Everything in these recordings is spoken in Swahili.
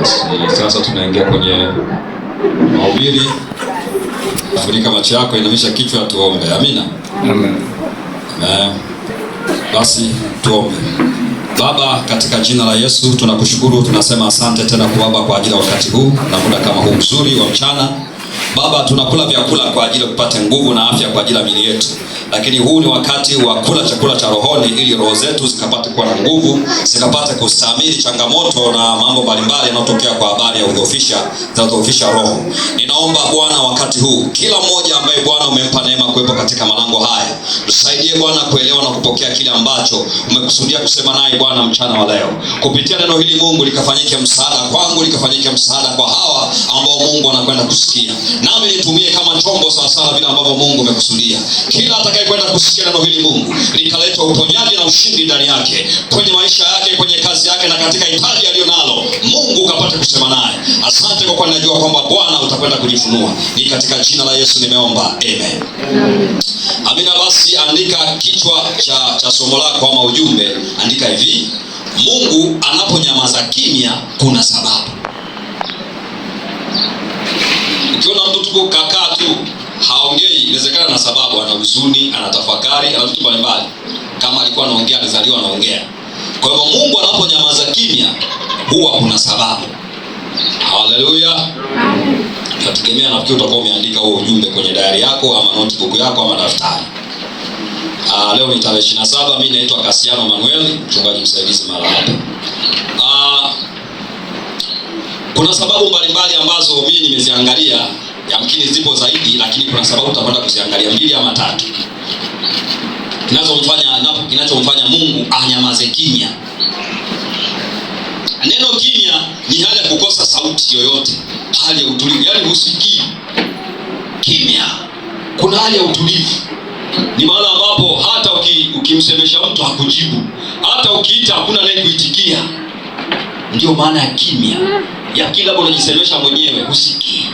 Yes, sasa tunaingia kwenye mahubiri. afunika macho yako, inamisha kichwa, tuombe. Amina. Amen. basi tuombe. Baba, katika jina la Yesu tunakushukuru, tunasema asante tena kwa Baba kwa ajili ya wakati huu na muda kama huu mzuri wa mchana Baba, tunakula vyakula kwa ajili ya kupata nguvu na afya kwa ajili ya miili yetu, lakini huu ni wakati wa kula chakula cha rohoni ili roho zetu zikapate kuwa na nguvu, zikapate kustahimili changamoto na mambo mbalimbali yanayotokea kwa habari ya udhoofisha zinazodhoofisha roho. Ninaomba Bwana, wakati huu kila mmoja ambaye Bwana umempa neema kuwepo katika malango haya, tusaidie Bwana kuelewa na kupokea kile ambacho umekusudia kusema naye Bwana mchana wa leo kupitia neno hili. Mungu likafanyike msaada kwangu, likafanyike msaada kwa hawa ambao Mungu anakwenda kusikia nami nitumie kama chombo sawasawa vile ambavyo Mungu amekusudia. Kila atakayekwenda kusikia neno hili, Mungu likaleta uponyaji na ushindi ndani yake, kwenye maisha yake, kwenye kazi yake, na katika hitaji aliyo nalo, Mungu ukapate kusema naye. Asante kwa kuwa najua kwamba Bwana utakwenda kujifunua. Ni katika jina la Yesu nimeomba, amen. Amina. Basi andika kichwa cha, cha somo lako ama ujumbe, andika hivi: Mungu anaponyamaza kimya, kuna sababu. Ukiona mtu tuko kakaa tu haongei, inawezekana na sababu ana huzuni, tafakari, ana vitu mbalimbali. Kama alikuwa anaongea, alizaliwa anaongea. Kwa hivyo Mungu anaponyamaza kimya, huwa kuna sababu. Haleluya, nategemea. Nafikiri utakuwa umeandika huo ujumbe kwenye diary yako ama notebook yako ama daftari. Uh, leo ni tarehe 27. Mimi naitwa Kasiano Manuel, mchungaji msaidizi mara hapa. Uh, kuna sababu mbalimbali ambazo mimi nimeziangalia, yamkini zipo zaidi, lakini kuna sababu tutapata kuziangalia mbili ama tatu, kinachomfanya kinachomfanya Mungu anyamaze kimya. Neno kimya ni hali ya kukosa sauti yoyote, hali ya utulivu, yaani husikii. Kimya kuna hali ya utulivu, ni mahala ambapo hata ukimsemesha uki mtu hakujibu, hata ukiita hakuna anayekuitikia. Ndio maana ya kimya ya kila unajisemesha mwenyewe, usikii.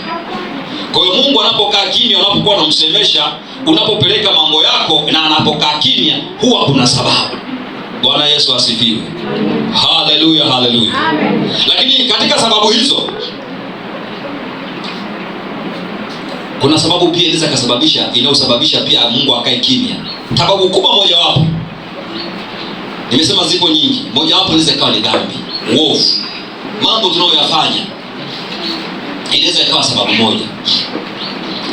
Kwa hiyo Mungu anapokaa kimya, unapokuwa unamsemesha, unapopeleka mambo yako na anapokaa kimya, huwa kuna sababu. Bwana Yesu asifiwe, haleluya, haleluya. Lakini katika sababu hizo kuna sababu pia inaweza kusababisha inayosababisha pia Mungu akae kimya. Sababu kubwa mojawapo, nimesema zipo nyingi, mojawapo inaweza ikawa ni dhambi, uovu mambo tunayoyafanya inaweza ikawa sababu moja,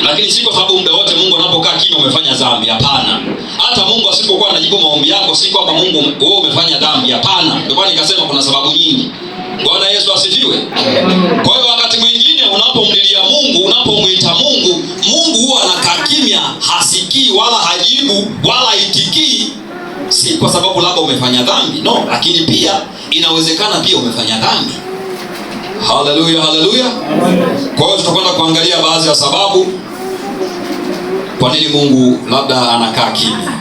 lakini si kwa sababu muda wote Mungu anapokaa kima umefanya dhambi. Hapana, hata Mungu asipokuwa anajibu maombi yako, si kwamba Mungu wewe umefanya dhambi. Hapana, ndio maana nikasema kuna sababu nyingi. Bwana Yesu asifiwe. Kwa hiyo wakati mwingine unapomlilia Mungu, unapomwita Mungu, Mungu huwa anakaa kimya, hasikii wala hajibu wala haitikii, si kwa sababu labda umefanya dhambi, no, lakini pia inawezekana pia umefanya dhambi. Haleluya, haleluya. Kwa hiyo tutakwenda kuangalia baadhi ya sababu kwa nini Mungu labda anakaa kimya.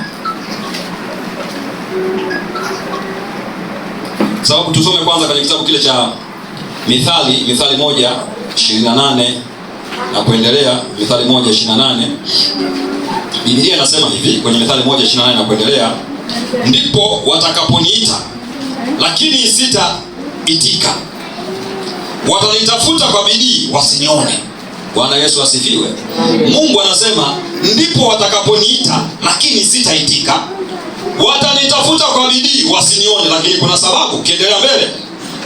Sababu tusome kwanza kwenye kitabu kile cha Mithali, Mithali moja 28 na kuendelea. Mithali moja 28, Biblia inasema hivi kwenye Mithali moja 28 na kuendelea, ndipo watakaponiita lakini sita itika watanitafuta kwa bidii wasinione. Bwana Yesu asifiwe. Mungu anasema ndipo watakaponiita, lakini sitaitika. Watanitafuta kwa bidii wasinione, lakini kuna sababu. Ukiendelea mbele,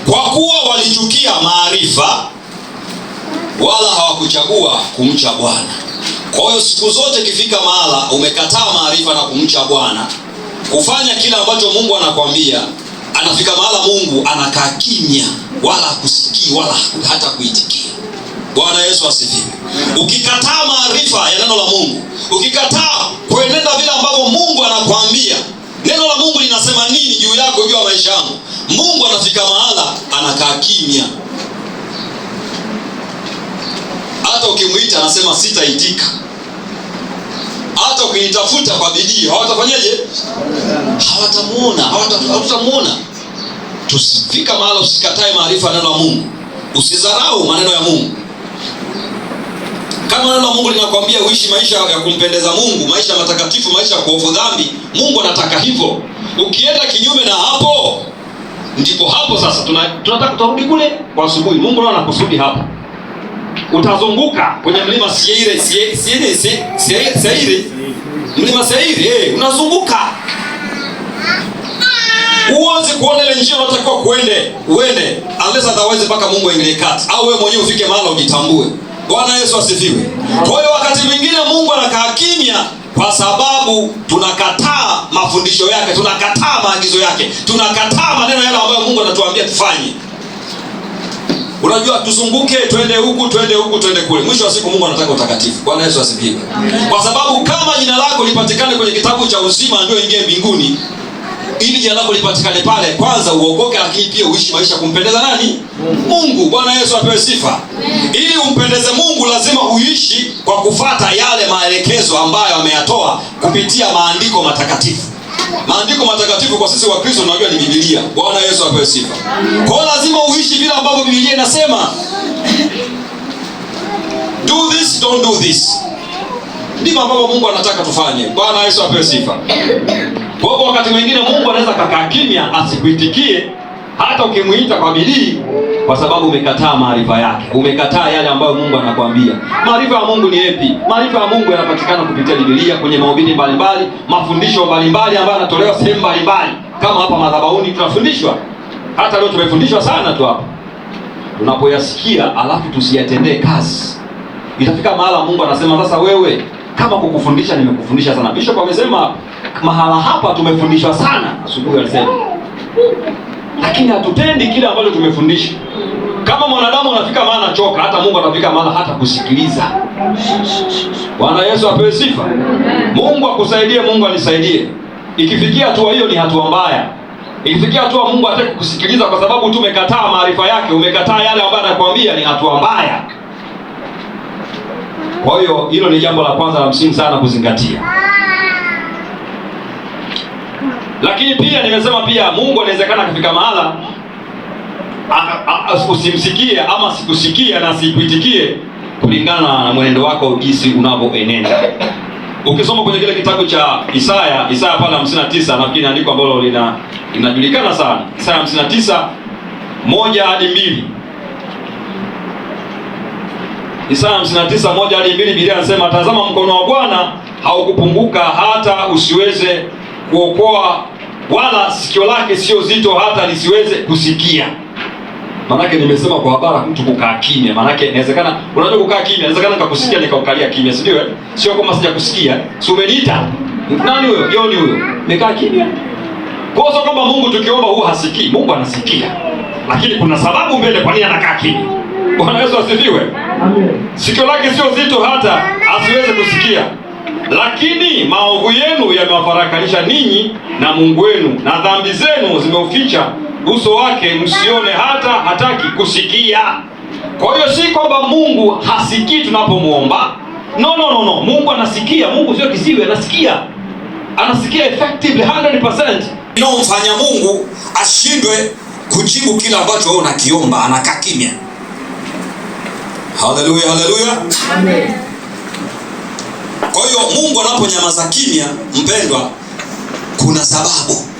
kwa kuwa walichukia maarifa, wala hawakuchagua kumcha Bwana. Kwa hiyo siku zote ikifika mahala umekataa maarifa na kumcha Bwana, kufanya kile ambacho Mungu anakwambia anafika mahala Mungu anakaa kimya, wala hakusikii wala hata kuitikia. Bwana Yesu asifiwe. Ukikataa maarifa ya neno la Mungu, ukikataa kuenenda vile ambavyo Mungu anakuambia, neno la Mungu linasema nini juu yako, juu ya maisha yangu, Mungu anafika mahala anakaa kimya. Hata ukimwita anasema sitaitika hata ukiitafuta kwa bidii hawatafanyaje? Hawatamuona, hawatamuona. Tusifika mahala, usikatae maarifa ya neno ya Mungu, usizarau maneno ya Mungu. Kama neno la Mungu linakwambia uishi maisha ya kumpendeza Mungu, maisha matakatifu, maisha ya kuovu dhambi, Mungu anataka hivyo. Ukienda kinyume na hapo, ndipo hapo sasa tunataka tutarudi kule kwa asubuhi. Mungu nao anakusudi hapo utazunguka kwenye mlima Seiri, Seiri, Seiri, Seiri, Seiri, Seiri Mlima Seiri eh, unazunguka. uanze kuona ile njia unatakiwa kuende, uende. Unless otherwise mpaka Mungu aingilie kati. Au wewe mwenyewe ufike mahali ujitambue. Bwana Yesu asifiwe. Kwa hiyo wakati mwingine Mungu anakaa kimya kwa sababu tunakataa mafundisho yake, tunakataa maagizo yake, tunakataa maneno yale ambayo Mungu anatuambia tufanye. Unajua tuzunguke twende huku twende huku twende kule. Mwisho wa siku Mungu anataka utakatifu. Bwana Yesu asifiwe. Kwa sababu kama jina lako lipatikane kwenye kitabu cha uzima ndio ingie mbinguni, ili jina lako lipatikane pale, kwanza uokoke, lakini pia uishi maisha kumpendeza nani? Mungu. Bwana Yesu apewe sifa. Ili umpendeze Mungu, lazima uishi kwa kufata yale maelekezo ambayo ameyatoa kupitia maandiko matakatifu. Maandiko matakatifu kwa sisi Kristo tunajua ni Biblia. Bwana Yesu apewe sifa. Kwa lazima uishi vile ambavyo Biblia inasema. Do this, don't do this. Ndivyo ambavyo Mungu anataka tufanye. Bwana Yesu apewe sifa. Kwa hivyo wakati mwingine Mungu anaweza kakaa kimya asikuitikie hata ukimuita kwa bidii, kwa sababu umekataa maarifa yake, umekataa yale ambayo Mungu anakuambia. Maarifa ya Mungu ni yapi? Maarifa ya Mungu yanapatikana kupitia Biblia, kwenye mahubiri mbalimbali, mafundisho mbalimbali ambayo yanatolewa sehemu mbalimbali. Kama hapa madhabahuni tunafundishwa, hata leo tumefundishwa sana tu hapa. Tunapoyasikia alafu tusiyatendee kazi, itafika mahala Mungu anasema sasa, wewe kama kukufundisha nimekufundisha sana. Bishop amesema mahala hapa tumefundishwa sana asubuhi, alisema lakini hatutendi kile ambacho tumefundisha. Kama mwanadamu anafika mahali anachoka, hata Mungu atafika mahali hata kusikiliza. Bwana Yesu apewe sifa. Mungu akusaidie, Mungu anisaidie. Ikifikia hatua hiyo, ni hatua mbaya. Ikifikia hatua Mungu hataki kusikiliza kwa sababu tu umekataa maarifa yake, umekataa yale ambayo anakuambia, ni hatua mbaya. Kwa hiyo hilo ni jambo la kwanza la msingi sana kuzingatia. Lakini pia nimesema pia Mungu anawezekana kufika mahala usimsikie ama sikusikia na sikuitikie kulingana na mwenendo wako jinsi unavyoenenda. Ukisoma kwenye kile kitabu cha Isaya, Isaya pale 59 nafikiri andiko ambalo lina linajulikana sana. Isaya 59 moja hadi mbili. Isaya 59 moja hadi mbili Biblia inasema, tazama mkono wa Bwana haukupunguka hata usiweze kuokoa, wala sikio lake sio zito hata lisiweze kusikia. Manake nimesema kwa habari mtu kukaa kimya, manake inawezekana unajua kukaa kimya, inawezekana nikakusikia nikaukalia kimya, si ndio? Eh? Sio kama sijakusikia, si umeniita nani huyo? Jioni huyo, nikaa kimya. Kwa sababu kwamba Mungu tukiomba huwa hasikii, Mungu anasikia, lakini kuna sababu mbele kwa nini anakaa kimya. Bwana Yesu asifiwe. Amen. Sikio lake sio zito hata asiweze kusikia lakini maovu yenu yamewafarakanisha ninyi na Mungu wenu, na dhambi zenu zimeuficha uso wake, msione hata hataki kusikia. Kwa hiyo si kwamba Mungu hasikii tunapomwomba, no, no, no, no. Mungu anasikia. Mungu sio kisiwe, anasikia, anasikia effectively 100%. mfanya Mungu ashindwe kujibu kila ambacho wewe unakiomba, anakaa kimya. Haleluya, haleluya, amen. Kwa hiyo Mungu anaponyamaza kimya, mpendwa, kuna sababu.